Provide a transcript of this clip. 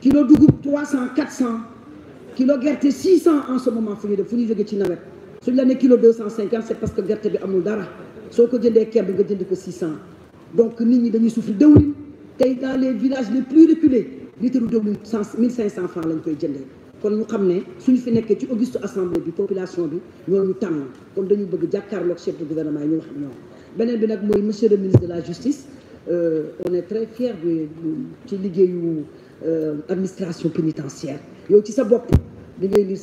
kilo dugub 300 400 kilo gerte 600 en ce moment fu de def de ñu celui-là la ne kilo 250 c'est parce que gerte bi Amoudara dara que j'ai jëndee keb nga jënd ko 600 donc nit ñi dañuy souffrir dëwlin dans les villages les plus reculés litre de 1500 francs lañ koy j'ai kon ñu nous ne suñu fi que ci auguste assemblée bi population bi ñooñu tànn kon dañu bëgg jàkkaarloog chef de gouvernement de ñu wax ñoom beneen bi nag monsieur le ministre de la justice euh, on est très fiers de l'administration euh, administration pénitentiaire et